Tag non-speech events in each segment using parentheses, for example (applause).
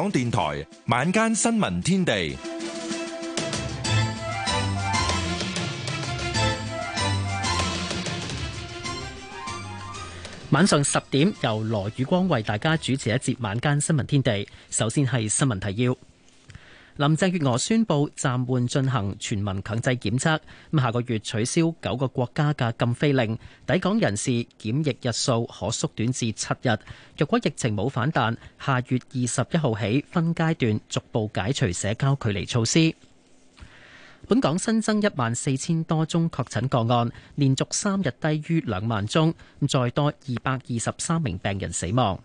港電台晚間新聞天地，晚上十點由羅宇光為大家主持一節晚間新聞天地。首先係新聞提要。林鄭月娥宣布暫緩進行全民強制檢測，咁下個月取消九個國家嘅禁飛令，抵港人士檢疫日數可縮短至七日。若果疫情冇反彈，下月二十一號起分階段逐步解除社交距離措施。本港新增一萬四千多宗確診個案，連續三日低於兩萬宗，再多二百二十三名病人死亡。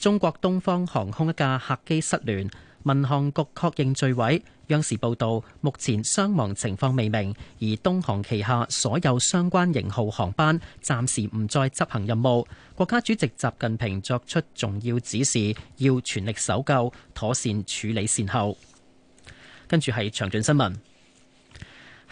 中國東方航空一架客機失聯。民航局確認墜毀，央視報道，目前傷亡情況未明，而東航旗下所有相關型號航班暫時唔再執行任務，國家主席習近平作出重要指示，要全力搜救，妥善處理善後。跟住係詳盡新聞。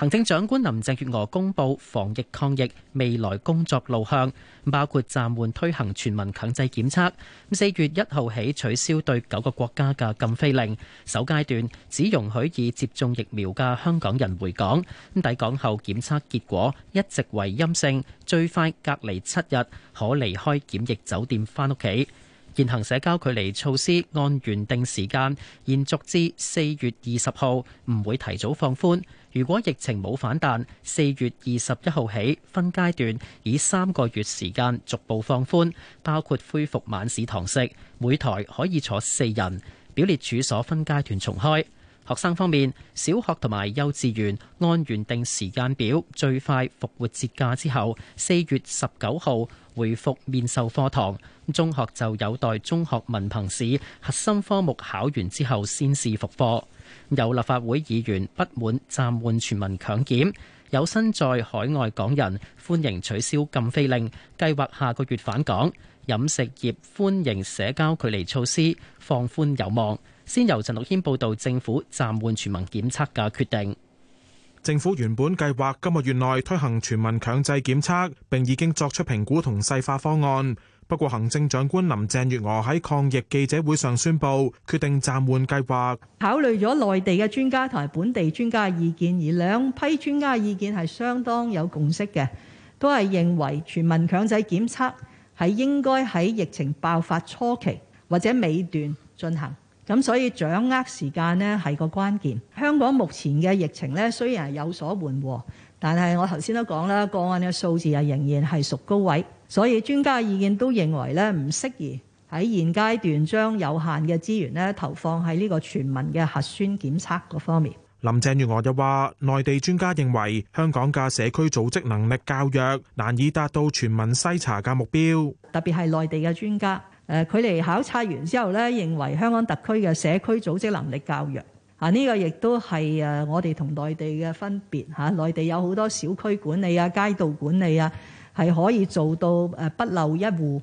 行政長官林鄭月娥公布防疫抗疫未來工作路向，包括暫緩推行全民強制檢測，四月一號起取消對九個國家嘅禁飛令。首階段只容許已接種疫苗嘅香港人回港。咁抵港後檢測結果一直為陰性，最快隔離七日可離開檢疫酒店翻屋企。現行社交距離措施按原定時間延續至四月二十號，唔會提早放寬。如果疫情冇反彈，四月二十一號起分階段以三個月時間逐步放寬，包括恢復晚市堂食，每台可以坐四人。表列處所分階段重開。學生方面，小學同埋幼稚園按原定時間表最快復活節假之後，四月十九號。回復面授課堂，中學就有待中學文憑試核心科目考完之後先試復課。有立法會議員不滿暫緩全民強檢，有身在海外港人歡迎取消禁飛令，計劃下個月返港。飲食業歡迎社交距離措施放寬有望。先由陳陸軒報導政府暫緩全民檢測嘅決定。政府原本計劃今個月內推行全民強制檢測，並已經作出評估同細化方案。不過，行政長官林鄭月娥喺抗疫記者會上宣布，決定暫緩計劃。考慮咗內地嘅專家同埋本地專家嘅意見，而兩批專家嘅意見係相當有共識嘅，都係認為全民強制檢測係應該喺疫情爆發初期或者尾段進行。咁所以掌握時間呢，係個關鍵。香港目前嘅疫情呢，雖然係有所緩和，但係我頭先都講啦，個案嘅數字啊仍然係屬高位。所以專家意見都認為呢，唔適宜喺現階段將有限嘅資源呢投放喺呢個全民嘅核酸檢測嗰方面。林鄭月娥又話，內地專家認為香港嘅社區組織能力較弱，難以達到全民篩查嘅目標，特別係內地嘅專家。誒佢哋考察完之後咧，認為香港特區嘅社區組織能力較弱，啊、這、呢個亦都係誒我哋同內地嘅分別嚇，內、啊、地有好多小區管理啊、街道管理啊，係可以做到誒不漏一戶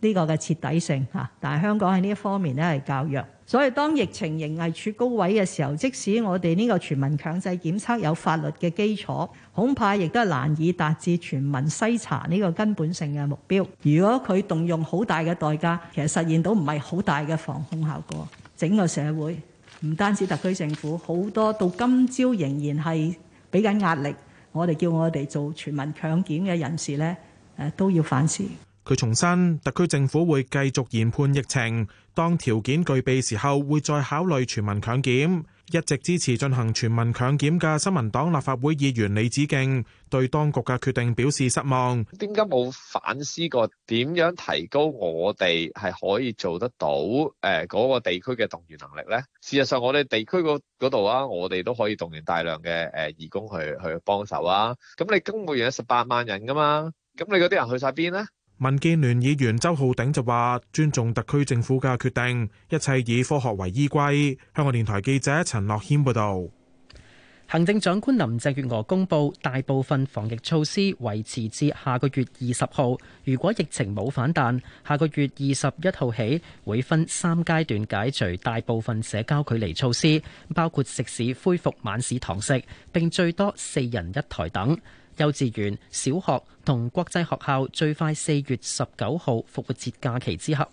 呢、這個嘅徹底性嚇、啊，但係香港喺呢一方面咧係較弱。所以當疫情仍係處高位嘅時候，即使我哋呢個全民強制檢測有法律嘅基礎，恐怕亦都係難以達至全民篩查呢個根本性嘅目標。如果佢動用好大嘅代價，其實實現到唔係好大嘅防控效果。整個社會唔單止特區政府，好多到今朝仍然係俾緊壓力。我哋叫我哋做全民強檢嘅人士呢，都要反思。佢重申，特區政府會繼續研判疫情，當條件具備時候會再考慮全民強檢。一直支持進行全民強檢嘅新民黨立法會議員李梓敬對當局嘅決定表示失望。點解冇反思過點樣提高我哋係可以做得到？誒嗰個地區嘅動員能力咧？事實上，我哋地區嗰嗰度啊，我哋都可以動員大量嘅誒義工去去幫手啊。咁你公務員有十八萬人噶嘛？咁你嗰啲人去曬邊咧？民建聯議員周浩鼎就話：尊重特區政府嘅決定，一切以科學為依歸。香港電台記者陳樂謙報道。行政長官林鄭月娥公布，大部分防疫措施維持至下個月二十號。如果疫情冇反彈，下個月二十一號起會分三階段解除大部分社交距離措施，包括食肆恢復晚市堂食，並最多四人一台等。幼稚園、小學同國際學校最快四月十九號復活節假期之後，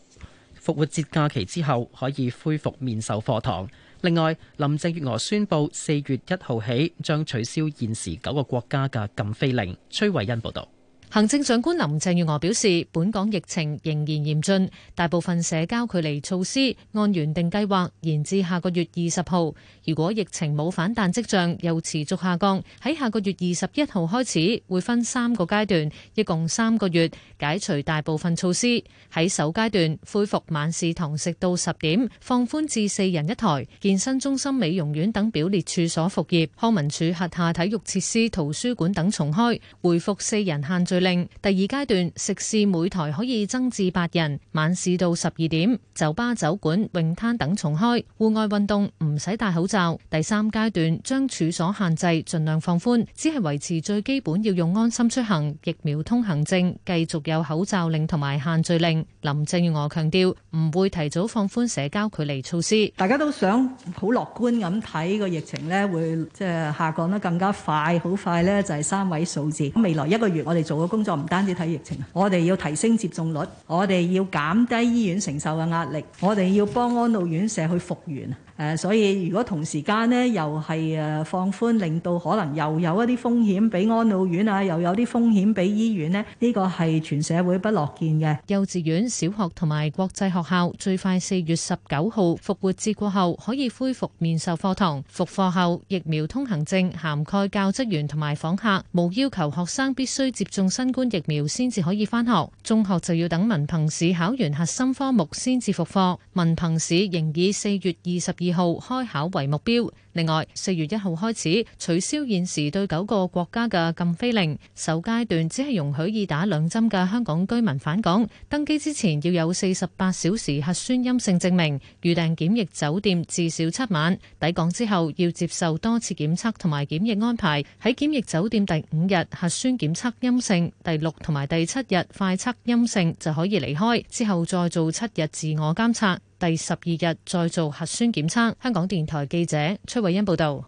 復活節假期之後可以恢復面授課堂。另外，林鄭月娥宣布四月一號起將取消現時九個國家嘅禁飛令。崔惠恩報道。行政長官林鄭月娥表示，本港疫情仍然嚴峻，大部分社交距離措施按原定計劃延至下個月二十號。如果疫情冇反彈跡象又持續下降，喺下個月二十一號開始會分三個階段，一共三個月解除大部分措施。喺首階段，恢復晚市堂食到十點，放寬至四人一台；健身中心、美容院等表列處所復業，康文署轄下體育設施、圖書館等重開，回復四人限聚。令第二階段，食肆每台可以增至八人，晚市到十二點，酒吧、酒館、泳灘等重開，戶外運動唔使戴口罩。第三階段將處所限制盡量放寬，只係維持最基本要用安心出行疫苗通行證，繼續有口罩令同埋限聚令。林鄭月娥強調唔會提早放寬社交距離措施。大家都想好樂觀咁睇個疫情呢，會即係下降得更加快，好快呢就係三位數字。未來一個月我哋做咗。工作唔單止睇疫情，我哋要提升接種率，我哋要減低醫院承受嘅壓力，我哋要幫安老院舍去復原。誒，所以如果同時間呢，又係誒放寬令到可能又有一啲風險俾安老院啊，又有啲風險俾醫院呢，呢個係全社會不樂見嘅。幼稚園小學同埋國際學校最快四月十九號復活節過後可以恢復面授課堂，復課後疫苗通行證涵蓋教職員同埋訪客，冇要求學生必須接種新冠疫苗先至可以翻學。中學就要等文憑試考完核心科目先至復課，文憑試仍以四月二十二號開考為目標。另外，四月一號開始取消現時對九個國家嘅禁飛令。首階段只係容許已打兩針嘅香港居民返港，登機之前要有四十八小時核酸陰性證明，預訂檢疫酒店至少七晚。抵港之後要接受多次檢測同埋檢疫安排，喺檢疫酒店第五日核酸檢測陰性，第六同埋第七日快測陰性就可以離開，之後再做七日自我監測，第十二日再做核酸檢測。香港電台記者崔回音報道，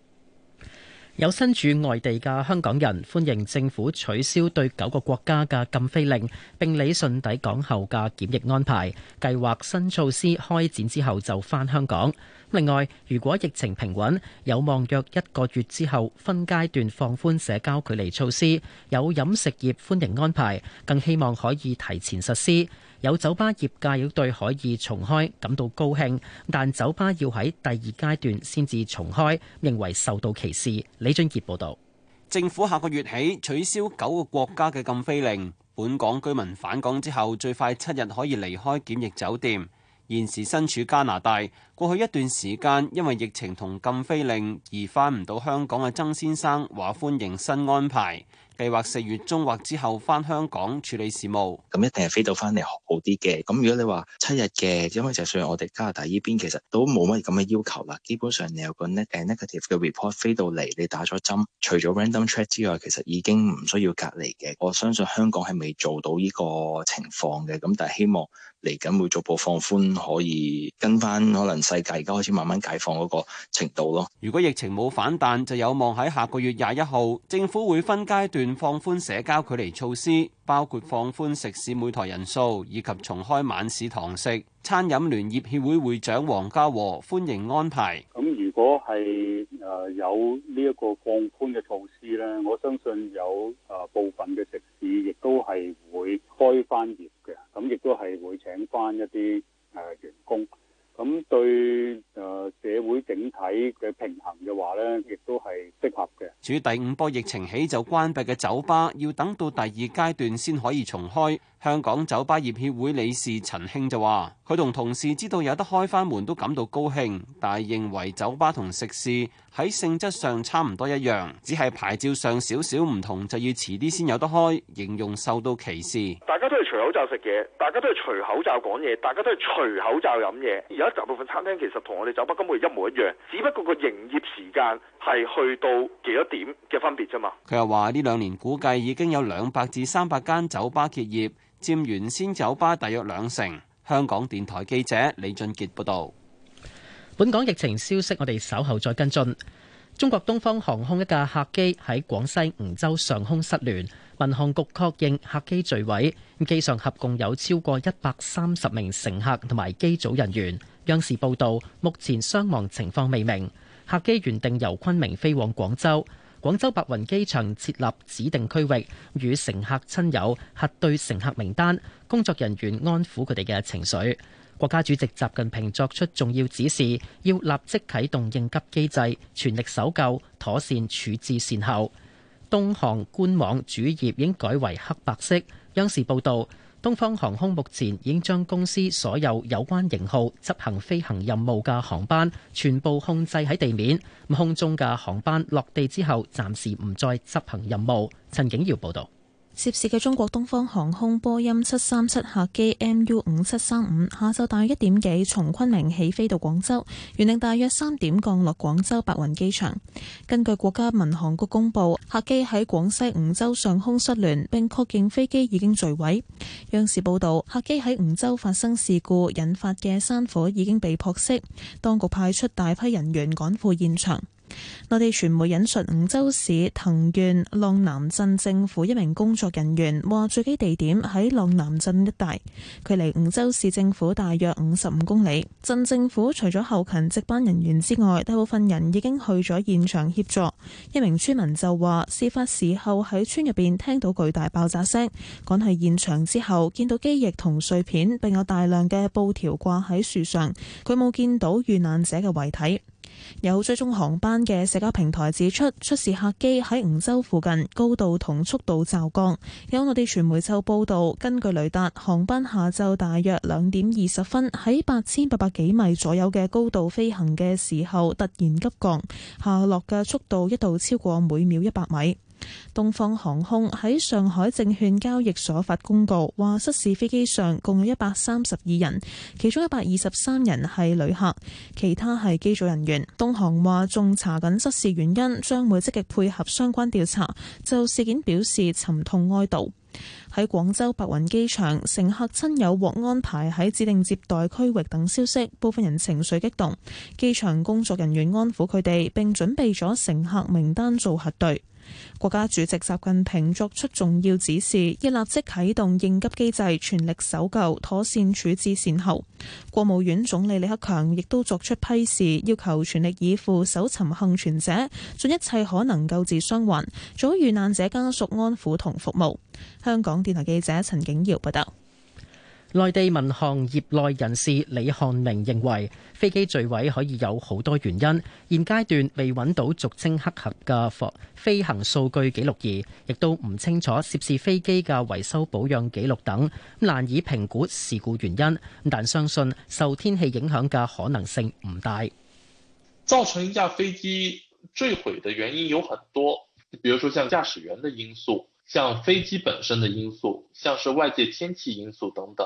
有身處外地嘅香港人歡迎政府取消對九個國家嘅禁飛令，並理順抵港後嘅檢疫安排。計劃新措施開展之後就返香港。另外，如果疫情平穩，有望約一個月之後分階段放寬社交距離措施。有飲食業歡迎安排，更希望可以提前實施。有酒吧業界要對可以重開感到高興，但酒吧要喺第二階段先至重開，認為受到歧視。李俊傑報導，政府下個月起取消九個國家嘅禁飛令，本港居民返港之後最快七日可以離開檢疫酒店。現時身處加拿大，過去一段時間因為疫情同禁飛令而返唔到香港嘅曾先生話歡迎新安排。計劃四月中或之後翻香港處理事務，咁一定係飛到翻嚟好啲嘅。咁如果你話七日嘅，因為就算我哋加拿大依邊其實都冇乜咁嘅要求啦。基本上你有個 neg negative 嘅 report 飛到嚟，你打咗針，除咗 random check 之外，其實已經唔需要隔離嘅。我相信香港係未做到呢個情況嘅，咁但係希望。嚟緊會逐步放寬，可以跟翻可能世界而家開始慢慢解放嗰個程度咯。如果疫情冇反彈，就有望喺下個月廿一號，政府會分階段放寬社交距離措施，包括放寬食肆每枱人數以及重開晚市堂食。餐飲聯業協會會長黃家和歡迎安排。咁如果係誒有呢一個放寬嘅措施咧，我相信有誒部分嘅食肆亦都係會開翻業。咁亦都係會請返一啲誒員工，咁對誒社會整體嘅平衡嘅話呢，亦都係適合嘅。至於第五波疫情起就關閉嘅酒吧，要等到第二階段先可以重開。香港酒吧業協會理事陳興就話，佢同同事知道有得開返門都感到高興，但係認為酒吧同食肆喺性質上差唔多一樣，只係牌照上少少唔同，就要遲啲先有得開，形容受到歧視。大家都係除口罩食嘢，大家都係除口罩講嘢，大家都係除口罩飲嘢。有一大部分餐廳其實同我哋酒吧根本一模一樣，只不過個營業時間，係去到幾多點嘅分別啫嘛？佢又話呢兩年估計已經有兩百至三百間酒吧結業，佔原先酒吧大約兩成。香港電台記者李俊傑報導。本港疫情消息，我哋稍後再跟進。中國東方航空一架客機喺廣西梧州上空失聯，民航局確認客機墜毀，咁機上合共有超過一百三十名乘客同埋機組人員。央視報導，目前傷亡情況未明。客機原定由昆明飛往廣州，廣州白雲機場設立指定區域，與乘客親友核對乘客名單，工作人員安撫佢哋嘅情緒。國家主席習近平作出重要指示，要立即啟動應急機制，全力搜救，妥善處置善後。東航官網主頁應改為黑白色。央視報導。東方航空目前已經將公司所有有關型號執行飛行任務嘅航班全部控制喺地面，咁空中嘅航班落地之後，暫時唔再執行任務。陳景耀報道。涉事嘅中國東方航空波音七三七客機 MU 五七三五，下晝大約一點幾從昆明起飛到廣州，原定大約三點降落廣州白雲機場。根據國家民航局公布，客機喺廣西梧州上空失聯，並確認飛機已經墜毀。央視報道，客機喺梧州發生事故引發嘅山火已經被撲熄，當局派出大批人員趕赴現場。內地傳媒引述梧州市藤縣浪南鎮政府一名工作人員話：墜機地點喺浪南鎮一帶，距離梧州市政府大約五十五公里。鎮政府除咗後勤值班人員之外，大部分人已經去咗現場協助。一名村民就話：事發時候喺村入邊聽到巨大爆炸聲，趕去現場之後，見到機翼同碎片，並有大量嘅布條掛喺樹上。佢冇見到遇難者嘅遺體。有追蹤航班嘅社交平台指出，出事客機喺梧州附近高度同速度驟降。有內地傳媒就報道，根據雷達，航班下晝大約兩點二十分喺八千八百幾米左右嘅高度飛行嘅時候突然急降，下落嘅速度一度超過每秒一百米。東方航空喺上海證券交易所發公告，話失事飛機上共有一百三十二人，其中一百二十三人係旅客，其他係機組人員。東航話仲查緊失事原因，將會積極配合相關調查。就事件表示沉痛哀悼。喺廣州白雲機場，乘客親友獲安排喺指定接待區域等消息，部分人情緒激動。機場工作人員安撫佢哋，並準備咗乘客名單做核對。國家主席習近平作出重要指示，要立即啟動應急機制，全力搜救，妥善處置善後。國務院總理李克強亦都作出批示，要求全力以赴搜尋幸存者，盡一切可能救治傷患，做好遇難者家屬安撫同服務。香港電台記者陳景瑤報道。內地民航業內人士李漢明認為，飛機墜毀可以有好多原因。現階段未揾到俗稱黑盒嘅飛行數據記錄儀，亦都唔清楚涉事飛機嘅維修保養記錄等，難以評估事故原因。但相信受天氣影響嘅可能性唔大。造成一架飛機墜毀的原因有很多，比如說像駕駛員的因素，像飛機本身的因素，像是外界天氣因素等等。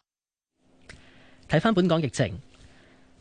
睇翻本港疫情，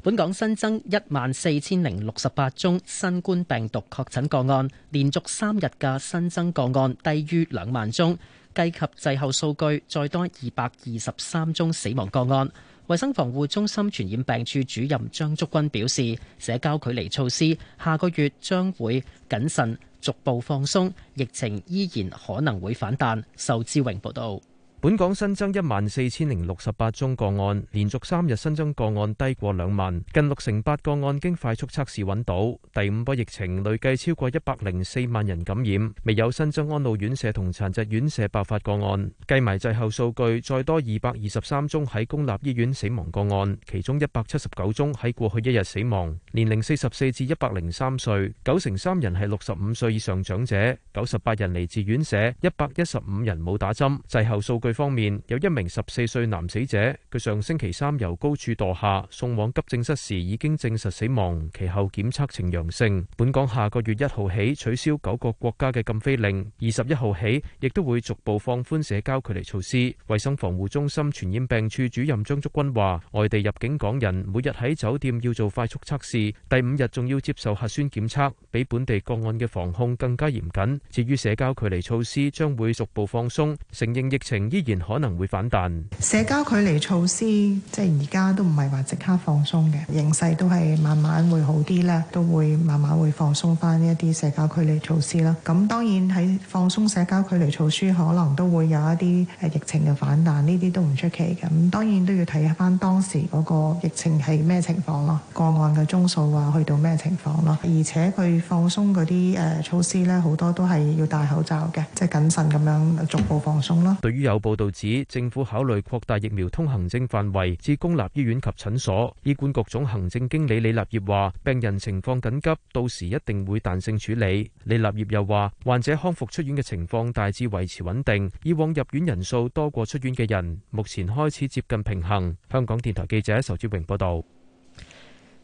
本港新增一萬四千零六十八宗新冠病毒確診個案，連續三日嘅新增個案低於兩萬宗，計及滯後數據，再多二百二十三宗死亡個案。衛生防護中心傳染病處主任張竹君表示，社交距離措施下個月將會謹慎逐步放鬆，疫情依然可能會反彈。仇志榮報道。本港新增一萬四千零六十八宗個案，連續三日新增個案低過兩萬，近六成八個案經快速測試揾到。第五波疫情累計超過一百零四萬人感染，未有新增安老院舍同殘疾院舍爆發個案。計埋滯後數據，再多二百二十三宗喺公立醫院死亡個案，其中一百七十九宗喺過去一日死亡，年齡四十四至一百零三歲，九成三人係六十五歲以上長者，九十八人嚟自院舍，一百一十五人冇打針。滯後數據方面有一名十四歲男死者，佢上星期三由高處墮下，送往急症室時已經證實死亡，其後檢測呈陽性。本港下個月一號起取消九個國家嘅禁飛令，二十一號起亦都會逐步放寬社交距離措施。衛生防護中心傳染病處主任張竹君話，外地入境港人每日喺酒店要做快速測試，第五日仲要接受核酸檢測，比本地個案嘅防控更加嚴謹。至於社交距離措施將會逐步放鬆，承認疫情依依然可能會反彈。社交距離措施即係而家都唔係話即刻放鬆嘅，形勢都係慢慢會好啲啦，都會慢慢會放鬆翻一啲社交距離措施啦。咁當然喺放鬆社交距離措施，可能都會有一啲誒疫情嘅反彈，呢啲都唔出奇嘅。咁當然都要睇翻當時嗰個疫情係咩情況咯，個案嘅宗數啊，去到咩情況咯。而且佢放鬆嗰啲誒措施咧，好多都係要戴口罩嘅，即係謹慎咁樣逐步放鬆咯。對於有報道指，政府考慮擴大疫苗通行證範圍至公立醫院及診所。醫管局總行政經理李立業話，病人情況緊急，到時一定會彈性處理。李立業又話，患者康復出院嘅情況大致維持穩定，以往入院人數多過出院嘅人，目前開始接近平衡。香港電台記者仇志榮報道。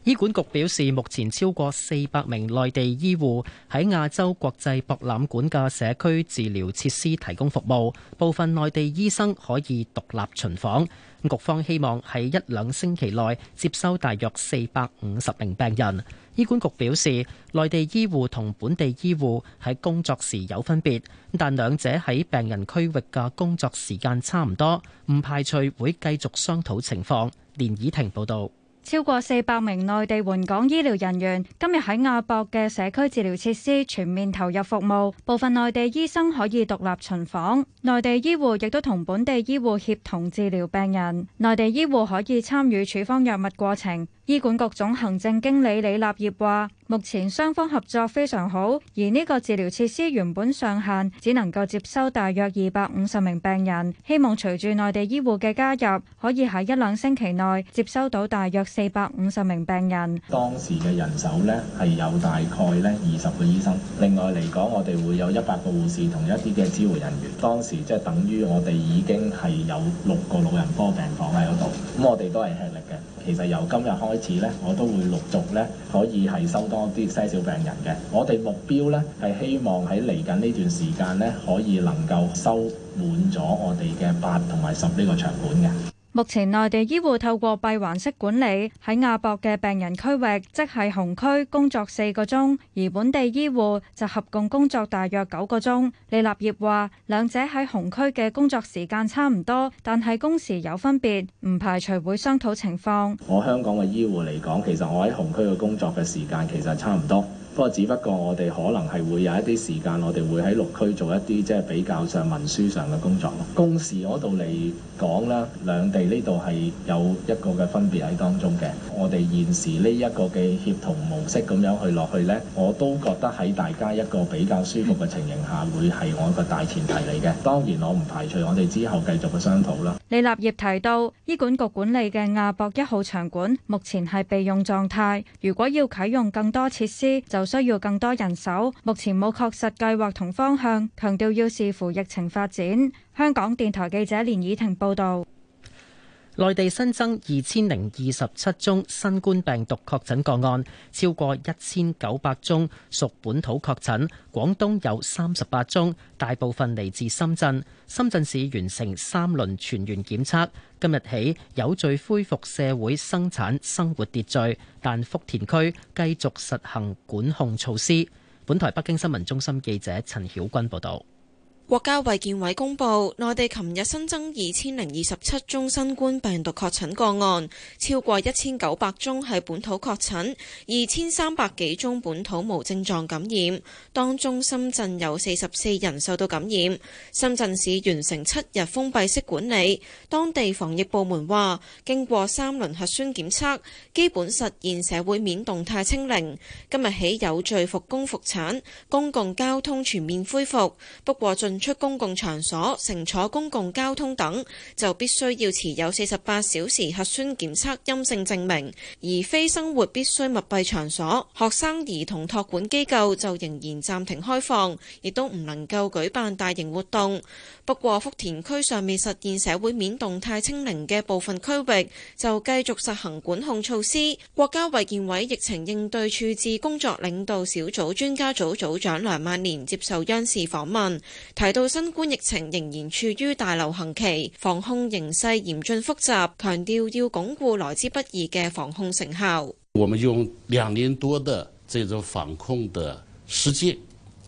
醫管局表示，目前超過四百名內地醫護喺亞洲國際博覽館嘅社區治療設施提供服務，部分內地醫生可以獨立巡訪。局方希望喺一兩星期內接收大約四百五十名病人。醫管局表示，內地醫護同本地醫護喺工作時有分別，但兩者喺病人區域嘅工作時間差唔多，唔排除會繼續商討情況。連以婷報道。超過四百名內地援港醫療人員今日喺亞博嘅社區治療設施全面投入服務，部分內地醫生可以獨立巡房，內地醫護亦都同本地醫護協同治療病人，內地醫護可以參與處方藥物過程。醫管局總行政經理李立業話，目前雙方合作非常好，而呢個治療設施原本上限只能夠接收大約二百五十名病人，希望隨住內地醫護嘅加入，可以喺一兩星期內接收到大約。四百五十名病人，當時嘅人手呢，係有大概呢二十個醫生，另外嚟講，我哋會有一百個護士同一啲嘅支援人員。當時即係等於我哋已經係有六個老人科病房喺度，咁我哋都係吃力嘅。其實由今日開始呢，我都會陸續呢可以係收多啲些少病人嘅。我哋目標呢，係希望喺嚟緊呢段時間呢，可以能夠收滿咗我哋嘅八同埋十呢個場館嘅。目前，內地醫護透過閉環式管理喺亞博嘅病人區域，即係紅區工作四個鐘，而本地醫護就合共工作大約九個鐘。李立業話：兩者喺紅區嘅工作時間差唔多，但係工時有分別，唔排除會商討情況。我香港嘅醫護嚟講，其實我喺紅區嘅工作嘅時間其實差唔多。不過，只不過我哋可能係會有一啲時間，我哋會喺六區做一啲即係比較上文書上嘅工作咯。公事嗰度嚟講啦，兩地呢度係有一個嘅分別喺當中嘅。我哋現時呢一個嘅協同模式咁樣去落去呢，我都覺得喺大家一個比較舒服嘅情形下，會係我一個大前提嚟嘅。當然，我唔排除我哋之後繼續嘅商討啦。李立業提到，醫管局管理嘅亞博一號場館目前係備用狀態，如果要啟用更多設施，就需要更多人手，目前冇確實計劃同方向，強調要視乎疫情發展。香港電台記者連倚婷報道。內地新增二千零二十七宗新冠病毒確診個案，超過一千九百宗屬本土確診，廣東有三十八宗，大部分嚟自深圳。深圳市完成三輪全員檢測，今日起有序恢復社會生產生活秩序，但福田區繼續實行管控措施。本台北京新聞中心記者陳曉君報道。國家衛健委公布，內地琴日新增二千零二十七宗新冠病毒確診個案，超過一千九百宗係本土確診，二千三百幾宗本土無症狀感染。當中深圳有四十四人受到感染，深圳市完成七日封閉式管理。當地防疫部門話，經過三輪核酸檢測，基本實現社會面動態清零。今日起有序復工復產，公共交通全面恢復。不過進出公共場所、乘坐公共交通等就必須要持有四十八小時核酸檢測陰性證明。而非生活必須密閉場所，學生、兒童託管機構就仍然暫停開放，亦都唔能夠舉辦大型活動。不過福田區尚未實現社會面動態清零嘅部分區域，就繼續實行管控措施。國家衛健委疫情應對處置工作領導小組專家組組長梁萬年接受央視訪問。嚟到新冠疫情仍然處於大流行期，防控形勢嚴峻複雜，強調要鞏固來之不易嘅防控成效。我們用兩年多的這種防控的實踐，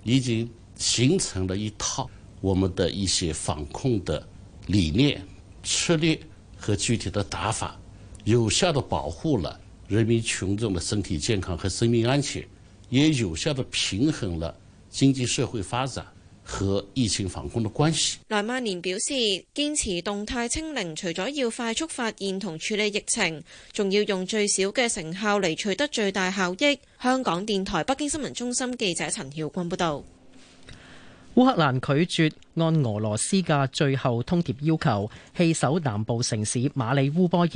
已經形成了一套我們的一些防控的理念、策略和具體的打法，有效的保護了人民群眾的身體健康和生命安全，也有效的平衡了經濟社會發展，和疫情防控嘅關係。梁萬年表示，堅持動態清零，除咗要快速發現同處理疫情，仲要用最少嘅成效嚟取得最大效益。香港電台北京新聞中心記者陳曉君報道。烏克蘭拒絕按俄羅斯嘅最後通牒要求棄守南部城市馬里烏波爾，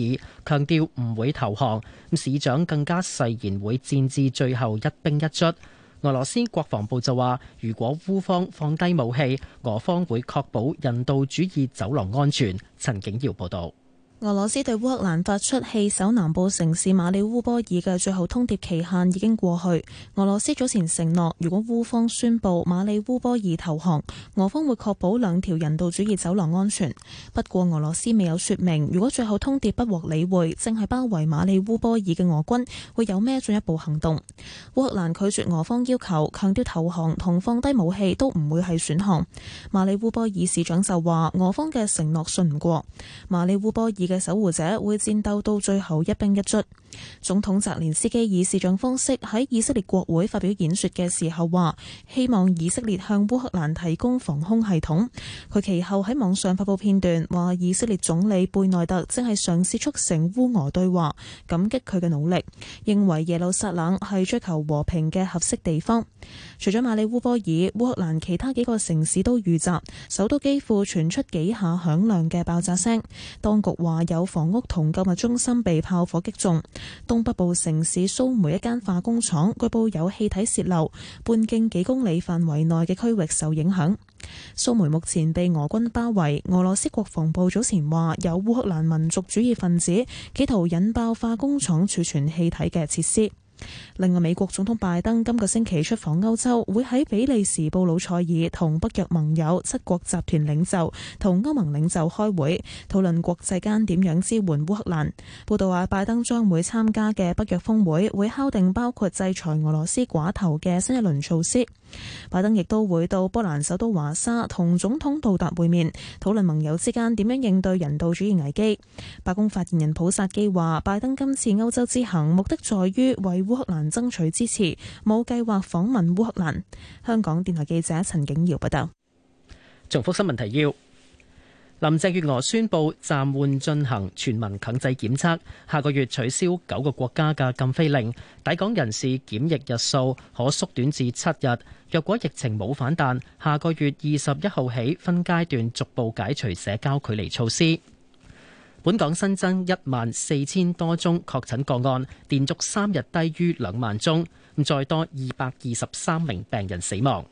強調唔會投降。市長更加誓言會戰至最後一兵一卒。俄羅斯國防部就話，如果烏方放低武器，俄方會確保人道主義走廊安全。陳景耀報道。俄羅斯對烏克蘭發出棄守南部城市馬里烏波爾嘅最後通牒期限已經過去。俄羅斯早前承諾，如果烏方宣布馬里烏波爾投降，俄方會確保兩條人道主義走廊安全。不過俄羅斯未有說明，如果最後通牒不獲理會，正係包圍馬里烏波爾嘅俄軍會有咩進一步行動。烏克蘭拒絕俄方要求，強調投降同放低武器都唔會係選項。馬里烏波爾市長就話，俄方嘅承諾信唔過。馬里烏波爾嘅守護者會戰鬥到最後一兵一卒。總統澤連斯基以視像方式喺以色列國會發表演說嘅時候話，希望以色列向烏克蘭提供防空系統。佢其後喺網上發布片段話，以色列總理貝內特正係嘗試促成烏俄對話，感激佢嘅努力，認為耶路撒冷係追求和平嘅合適地方。除咗馬里烏波爾，烏克蘭其他幾個城市都遇襲，首都基輔傳出幾下響亮嘅爆炸聲。當局話有房屋同購物中心被炮火擊中。東北部城市蘇梅一間化工廠據報有氣體洩漏，半徑幾公里範圍內嘅區域受影響。蘇梅目前被俄軍包圍，俄羅斯國防部早前話有烏克蘭民族主義分子企圖引爆化工廠儲存氣體嘅設施。另外，美國總統拜登今個星期出訪歐洲，會喺比利時布魯塞爾同北約盟友、七國集團領袖同歐盟領袖開會，討論國際間點樣支援烏克蘭。報道話，拜登將會參加嘅北約峰會，會敲定包括制裁俄羅斯寡頭嘅新一輪措施。拜登亦都會到波蘭首都華沙同總統到達會面，討論盟友之間點樣應對人道主義危機。白宮發言人普薩基話，拜登今次歐洲之行目的在於為烏克蘭爭取支持，冇計劃訪問烏克蘭。香港電台記者陳景堯報道。重複新聞提要。林鄭月娥宣布暫緩進行全民強制檢測，下個月取消九個國家嘅禁飛令，抵港人士檢疫日數可縮短至七日。若果疫情冇反彈，下個月二十一號起分階段逐步解除社交距離措施。本港新增一萬四千多宗確診個案，連續三日低於兩萬宗，再多二百二十三名病人死亡。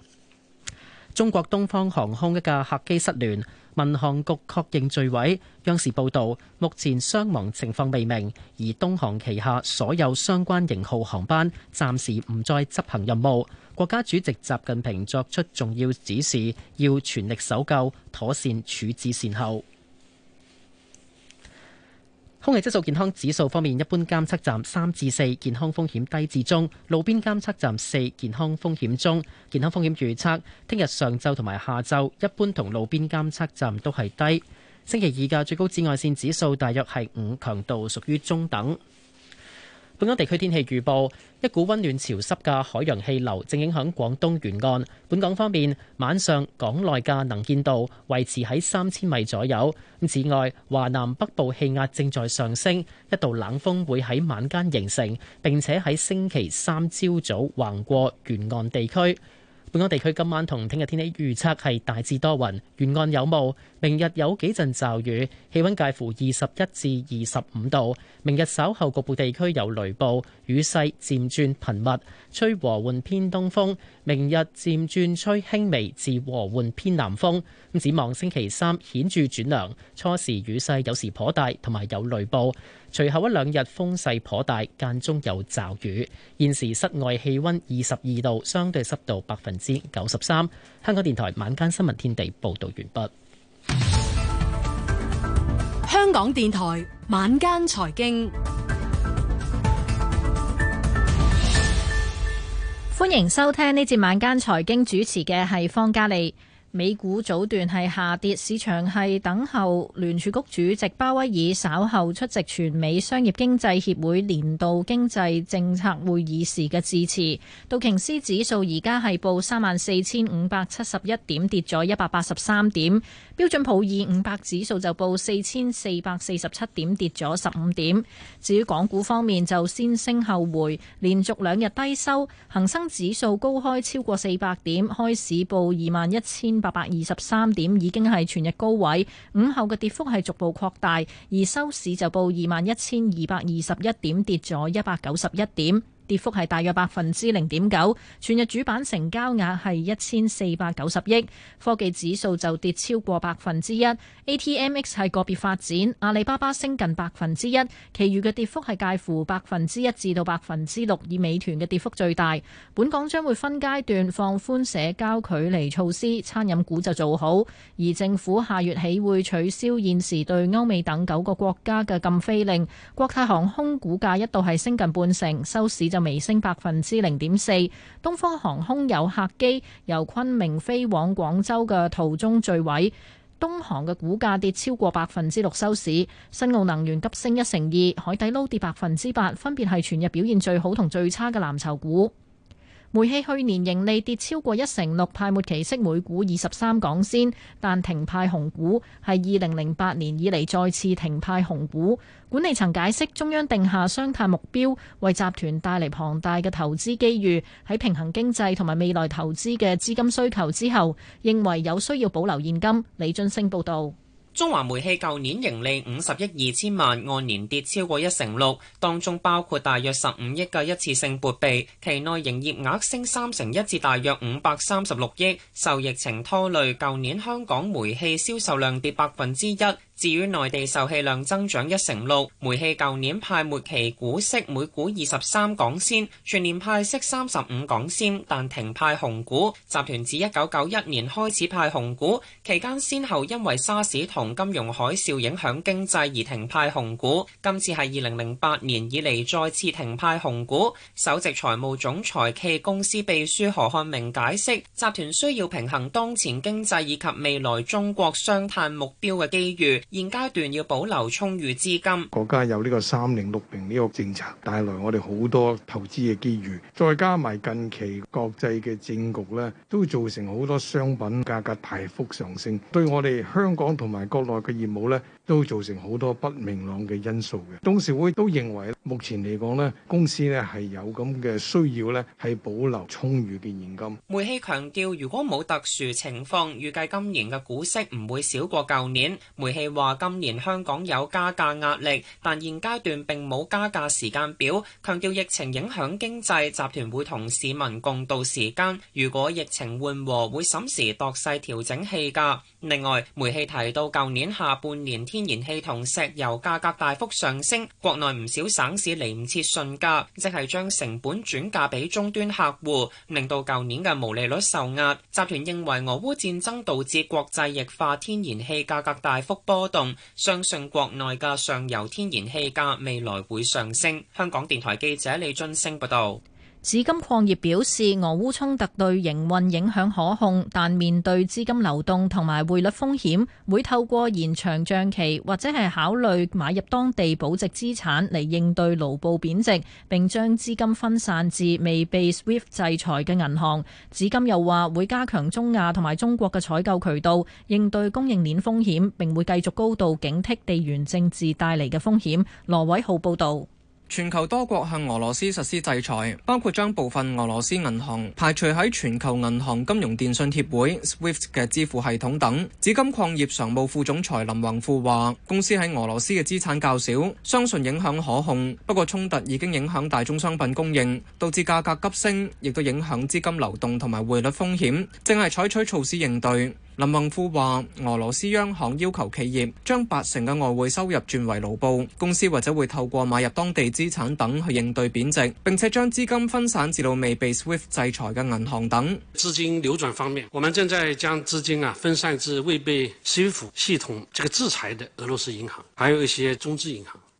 中國東方航空一架客機失聯，民航局確認墜毀。央視報道，目前傷亡情況未明，而東航旗下所有相關型號航班暫時唔再執行任務。國家主席習近平作出重要指示，要全力搜救，妥善處置善後。空氣質素健康指數方面，一般監測站三至四，健康風險低至中；路邊監測站四，健康風險中。健康風險預測，聽日上晝同埋下晝，一般同路邊監測站都係低。星期二嘅最高紫外線指數大約係五，強度屬於中等。本港地區天氣預報，一股溫暖潮濕嘅海洋氣流正影響廣東沿岸。本港方面，晚上港內嘅能見度維持喺三千米左右。此外，華南北部氣壓正在上升，一道冷鋒會喺晚間形成，並且喺星期三朝早橫過沿岸地區。本港地區今晚同聽日天氣預測係大致多雲，沿岸有霧。明日有幾陣驟雨，氣溫介乎二十一至二十五度。明日稍後局部地區有雷暴，雨勢漸轉頻密，吹和緩偏東風。明日漸轉吹輕微至和緩偏南風。咁展望星期三顯著轉涼，初時雨勢有時頗大，同埋有雷暴。隨後一兩日風勢頗大，間中有驟雨。現時室外氣温二十二度，相對濕度百分之九十三。香港電台晚間新聞天地報道完畢。香港電台晚間財經，歡迎收聽呢節晚間財經主持嘅係方嘉利。美股早段係下跌，市場係等候聯儲局主席鮑威爾稍後出席全美商業經濟協會年度經濟政策會議時嘅致辭。道瓊斯指數而家係報三萬四千五百七十一點，跌咗一百八十三點。標準普爾五百指數就報四千四百四十七點，跌咗十五點。至於港股方面，就先升後回，連續兩日低收。恒生指數高開超過四百點，開市報二萬一千。八百二十三點已經係全日高位，午後嘅跌幅係逐步擴大，而收市就報二萬一千二百二十一點，跌咗一百九十一點。跌幅係大約百分之零點九，全日主板成交額係一千四百九十億。科技指數就跌超過百分之一。ATMX 係個別發展，阿里巴巴升近百分之一，其餘嘅跌幅係介乎百分之一至到百分之六，以美團嘅跌幅最大。本港將會分階段放寬社交距離措施，餐飲股就做好。而政府下月起會取消現時對歐美等九個國家嘅禁飛令。國泰航空股價一度係升近半成，收市就。微升百分之零點四，東方航空有客機由昆明飛往廣州嘅途中墜毀，東航嘅股價跌超過百分之六收市。新奧能源急升一成二，海底撈跌百分之八，分別係全日表現最好同最差嘅藍籌股。煤氣去年盈利跌超過一成六，派末期息每股二十三港仙，但停派紅股，係二零零八年以嚟再次停派紅股。管理層解釋中央定下雙碳目標，為集團帶嚟龐大嘅投資機遇。喺平衡經濟同埋未來投資嘅資金需求之後，認為有需要保留現金。李津升報導。中華煤氣舊年盈利五十億二千萬，按年跌超過一成六，當中包括大約十五億嘅一次性撥備。期內營業額升三成一，至大約五百三十六億。受疫情拖累，舊年香港煤氣銷售量跌百分之一。至於內地售氣量增長一成六，煤氣舊年派末期股息每股二十三港仙，全年派息三十五港仙，但停派紅股。集團自一九九一年開始派紅股，期間先後因為沙士同金融海嘯影響經濟而停派紅股，今次係二零零八年以嚟再次停派紅股。首席財務總裁暨公司秘書何漢明解釋，集團需要平衡當前經濟以及未來中國雙碳目標嘅機遇。現階段要保留充裕資金，國家有呢個三零六零呢個政策，帶來我哋好多投資嘅機遇。再加埋近期國際嘅政局咧，都造成好多商品價格大幅上升，對我哋香港同埋國內嘅業務咧。都造成好多不明朗嘅因素嘅，董事會都認為目前嚟講咧，公司咧係有咁嘅需要咧，係保留充裕嘅現金。煤氣強調，如果冇特殊情況，預計今年嘅股息唔會少過舊年。煤氣話今年香港有加價壓力，但現階段並冇加價時間表。強調疫情影響經濟，集團會同市民共度時間，如果疫情緩和，會審時度勢調整氣價。另外，煤氣提到，舊年下半年天然氣同石油價格大幅上升，國內唔少省市嚟唔切順價，即係將成本轉嫁俾終端客戶，令到舊年嘅毛利率受壓，集團認為俄烏戰爭導致國際液化天然氣價格大幅波動，相信國內嘅上游天然氣價未來會上升。香港電台記者李津升報道。紫金礦業表示，俄烏衝突對營運影響可控，但面對資金流動同埋匯率風險，會透過延長賬期或者係考慮買入當地保值資產嚟應對盧布貶值，並將資金分散至未被 SWIFT 制裁嘅銀行。紫金又話會加強中亞同埋中國嘅採購渠道，應對供應鏈風險，並會繼續高度警惕地緣政治帶嚟嘅風險。羅偉浩報道。全球多國向俄羅斯實施制裁，包括將部分俄羅斯銀行排除喺全球銀行金融電信協會 SWIFT 嘅支付系統等。紫金礦業常務副總裁林宏富話：公司喺俄羅斯嘅資產較少，相信影響可控。不過，衝突已經影響大宗商品供應，導致價格急升，亦都影響資金流動同埋匯率風險，正係採取措施應對。林孟富話：俄羅斯央行要求企業將八成嘅外匯收入轉為盧布，公司或者會透過買入當地資產等去應對貶值，並且將資金分散至到未被 SWIFT 制裁嘅銀行等。資金流轉方面，我們正在將資金啊分散至未被 SWIFT 系統這個制裁的俄羅斯銀行，還有一些中資銀行。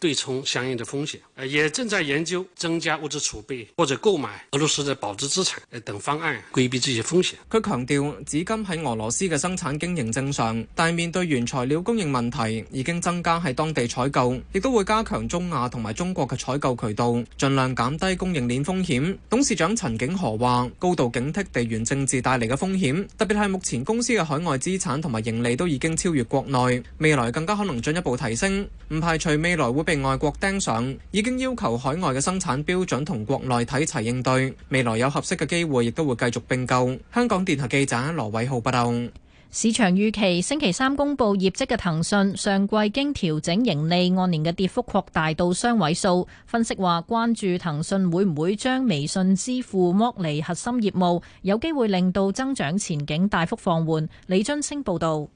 對沖相應嘅風險，也正在研究增加物資儲備或者購買俄羅斯嘅保值資產，等方案規避這些風險。佢強調，至今喺俄羅斯嘅生產經營正常，但面對原材料供應問題，已經增加喺當地採購，亦都會加強中亞同埋中國嘅採購渠道，盡量減低供應鏈風險。董事長陳景河話，高度警惕地緣政治帶嚟嘅風險，特別係目前公司嘅海外資產同埋盈利都已經超越國內，未來更加可能進一步提升，唔排除未來會。被外國盯上，已經要求海外嘅生產標準同國內睇齊應對。未來有合適嘅機會，亦都會繼續併購。香港電台記者羅偉浩報道。市場預期星期三公布業績嘅騰訊，上季經調整盈利按年嘅跌幅擴大到雙位數。分析話，關注騰訊會唔會將微信支付剝離核心業務，有機會令到增長前景大幅放緩。李津升報道。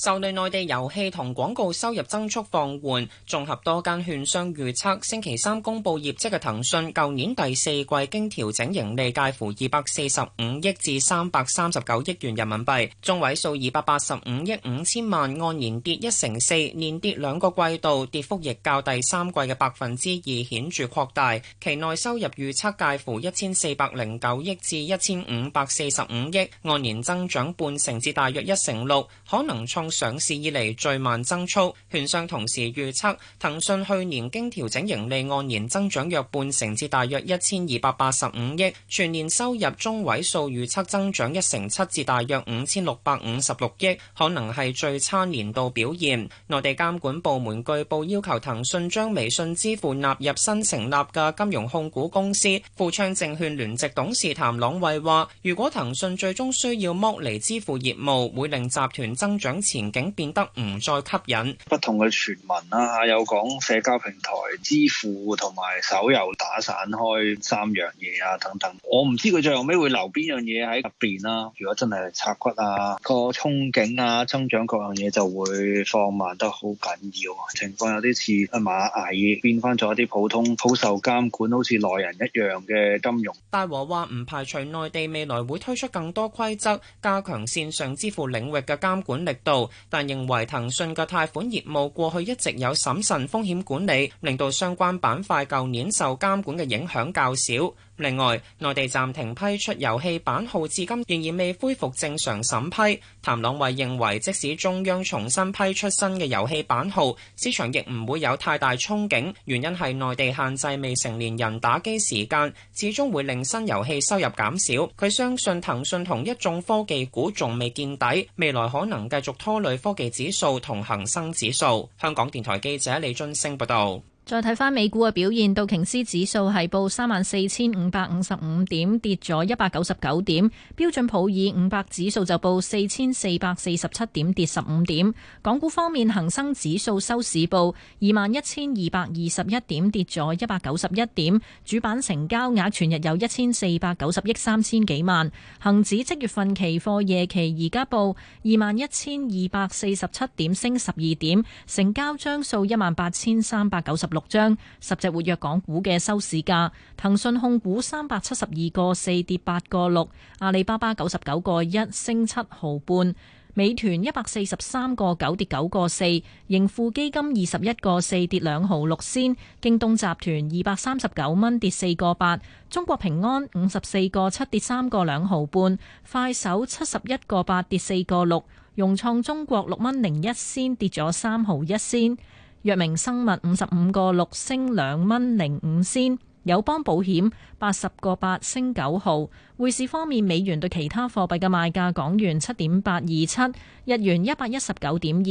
受累內，內地遊戲同廣告收入增速放緩，綜合多間券商預測，星期三公佈業績嘅騰訊，舊年第四季經調整盈利介乎二百四十五億至三百三十九億元人民幣，中位數二百八十五億五千萬，按年跌一成四，連跌兩個季度，跌幅亦較第三季嘅百分之二顯著擴大。期內收入預測介乎一千四百零九億至一千五百四十五億，按年增長半成至大約一成六，可能創上市以嚟最慢增速，券商同時預測騰訊去年經調整盈利按年增長約半成，至大約一千二百八十五億；全年收入中位數預測增長一成七，至大約五千六百五十六億，可能係最差年度表現。內地監管部門據報要求騰訊將微信支付納入新成立嘅金融控股公司。富昌證券聯席董事譚朗慧話：如果騰訊最終需要剝離支付業務，會令集團增長前景變得唔再吸引，不同嘅傳聞啦、啊、有講社交平台支付同埋手遊打散開三樣嘢啊等等，我唔知佢最後尾會留邊樣嘢喺入邊啦。如果真係拆骨啊，個憧憬啊增長各樣嘢就會放慢得好緊要、啊，情況有啲似啊螞蟻變翻咗一啲普通好受監管，好似內人一樣嘅金融。大和話唔排除內地未來會推出更多規則，加強線上支付領域嘅監管力度。但認為騰訊嘅貸款業務過去一直有審慎風險管理，令到相關板塊舊年受監管嘅影響較少。另外，內地暫停批出遊戲版號，至今仍然未恢復正常審批。譚朗慧認為，即使中央重新批出新嘅遊戲版號，市場亦唔會有太大憧憬。原因係內地限制未成年人打機時間，始終會令新遊戲收入減少。佢相信騰訊同一眾科技股仲未見底，未來可能繼續拖累科技指數同恒生指數。香港電台記者李津升報道。再睇翻美股嘅表現，道瓊斯指數係報三萬四千五百五十五點，跌咗一百九十九點；標準普爾五百指數就報四千四百四十七點，跌十五點。港股方面，恒生指數收市報二萬一千二百二十一點，跌咗一百九十一點。主板成交額全日有一千四百九十億三千幾萬。恒指即月份期貨夜期而家報二萬一千二百四十七點，升十二點，成交張數一萬八千三百九十六。六張，十隻活躍港股嘅收市價：騰訊控股三百七十二個四跌八個六，阿里巴巴九十九個一升七毫半，美團一百四十三個九跌九個四，盈富基金二十一個四跌兩毫六仙，京東集團二百三十九蚊跌四個八，中國平安五十四個七跌三個兩毫半，快手七十一個八跌四個六，融創中國六蚊零一仙跌咗三毫一仙。藥明生物五十五個六升兩蚊零五仙，友邦保險八十個八升九毫。匯市方面，美元對其他貨幣嘅賣價：港元七點八二七，日元一百一十九點二，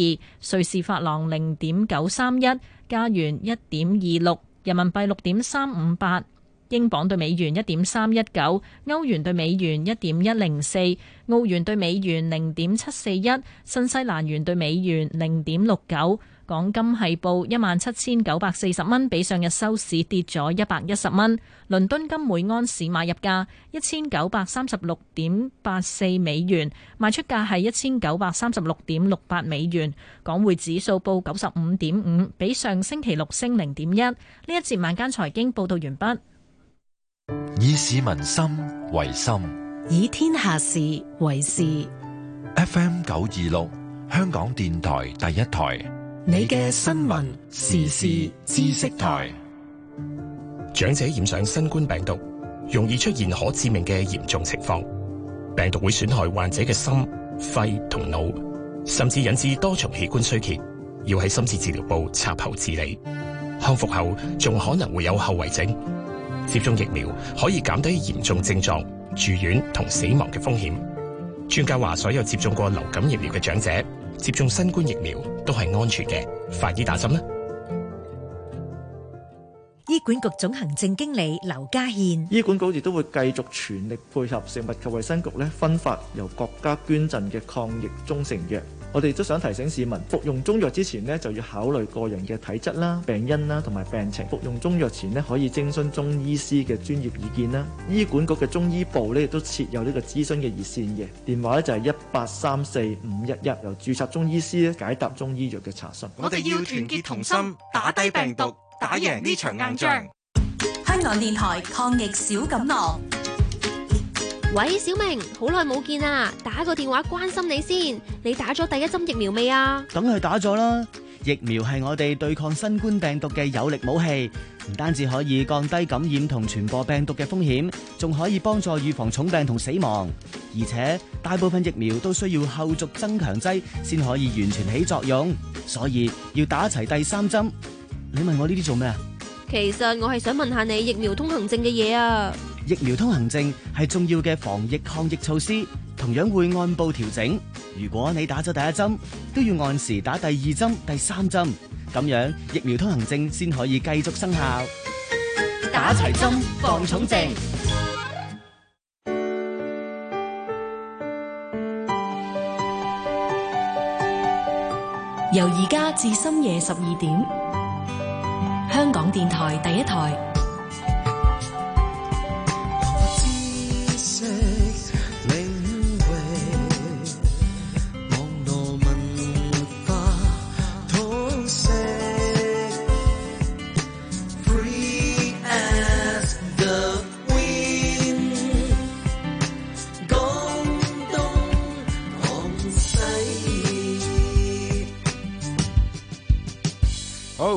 瑞士法郎零點九三一，加元一點二六，人民幣六點三五八，英鎊對美元一點三一九，歐元對美元一點一零四，澳元對美元零點七四一，新西蘭元對美元零點六九。港金係報一萬七千九百四十蚊，比上日收市跌咗一百一十蚊。倫敦金每安士買入價一千九百三十六點八四美元，賣出價係一千九百三十六點六八美元。港匯指數報九十五點五，比上星期六升零點一。呢一節晚間財經報道完畢。以市民心為心，以天下事為事。FM 九二六，香港電台第一台。你嘅新聞時事知識台，長者染上新冠病毒，容易出現可致命嘅嚴重情況。病毒會損害患者嘅心、肺同腦，甚至引致多重器官衰竭，要喺深切治療部插喉治理。康復後仲可能會有後遺症。接種疫苗可以減低嚴重症狀、住院同死亡嘅風險。專家話，所有接種過流感疫苗嘅長者。接種新冠疫苗都係安全嘅，快啲打針啦！醫管局總行政經理劉家憲，醫管局亦都會繼續全力配合食物及衛生局咧，分發由國家捐贈嘅抗疫中成藥。我哋都想提醒市民服用中藥之前呢，就要考慮個人嘅體質啦、病因啦、同埋病情。服用中藥前呢，可以徵詢中醫師嘅專業意見啦。醫管局嘅中醫部呢，亦都設有呢個諮詢嘅熱線嘅，電話咧就係一八三四五一一，由注冊中醫師咧解答中醫藥嘅查詢。我哋要團結同心，同心打低病毒，打贏呢場硬仗。香港電台抗疫小錦囊。喂，小明，好耐冇見啦，打個電話關心你先。你打咗第一針疫苗未啊？梗係打咗啦。疫苗係我哋對抗新冠病毒嘅有力武器，唔單止可以降低感染同傳播病毒嘅風險，仲可以幫助預防重病同死亡。而且大部分疫苗都需要後續增強劑先可以完全起作用，所以要打齊第三針。你問我呢啲做咩？其實我係想問下你疫苗通行證嘅嘢啊。疫苗通行證係重要嘅防疫抗疫措施，同樣會按部調整。如果你打咗第一針，都要按時打第二針、第三針，咁樣疫苗通行證先可以繼續生效。打齊針防重症。重症由而家至深夜十二點，香港電台第一台。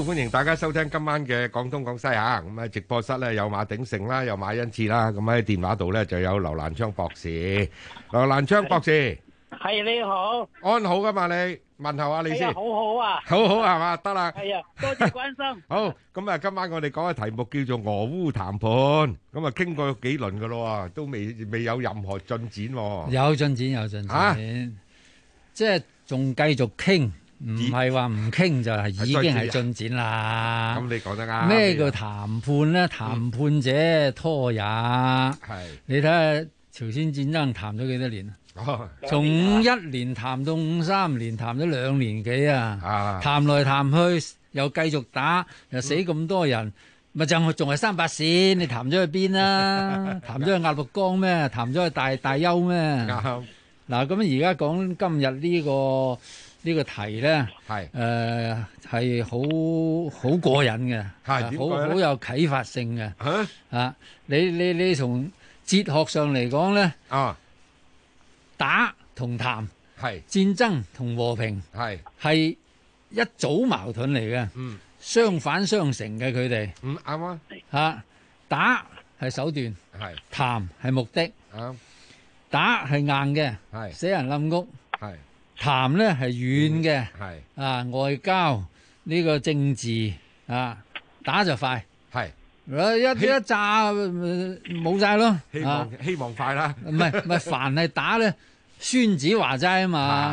歡迎大家收聽今晚嘅廣東廣西吓，咁喺直播室咧有馬鼎盛啦，有馬恩賜啦，咁喺電話度咧就有劉蘭昌博士，劉蘭昌博士係你好，安好噶嘛你問候啊你先，好好啊，好好係嘛，得啦，係啊，多謝關心。好，咁啊今晚我哋講嘅題目叫做俄烏談判，咁啊傾過幾輪噶咯喎，都未未有任何進展，有進展有進展，即係仲繼續傾。唔係話唔傾就係已經係進展啦。咁你講得啱。咩叫談判咧？談判者拖也。係是。你睇下朝鮮戰爭談咗幾多年？哦，從五一年談到五三年，談咗兩年幾啊？啊。談來談去又繼續打，又死咁多人，咪就仲係三八綫？你談咗去邊啊？談咗 (laughs) 去鴨綠江咩？談咗去大大邱咩？嗱、嗯，咁而家講今日呢、這個。呢個題咧，誒係好好過癮嘅，係好好有啟發性嘅。嚇！啊，你你你從哲學上嚟講咧，啊，打同談，係戰爭同和平，係係一組矛盾嚟嘅。嗯，相反相成嘅佢哋，嗯，啱啊，嚇，打係手段，係談係目的，嚇，打係硬嘅，係死人冧屋。談咧係遠嘅，嗯、啊外交呢、呢個政治啊打就快，係是一一揸冇晒咯。希望、啊、希望快啦。唔係唔係，凡係打咧，孫子話齋啊嘛。 (laughs)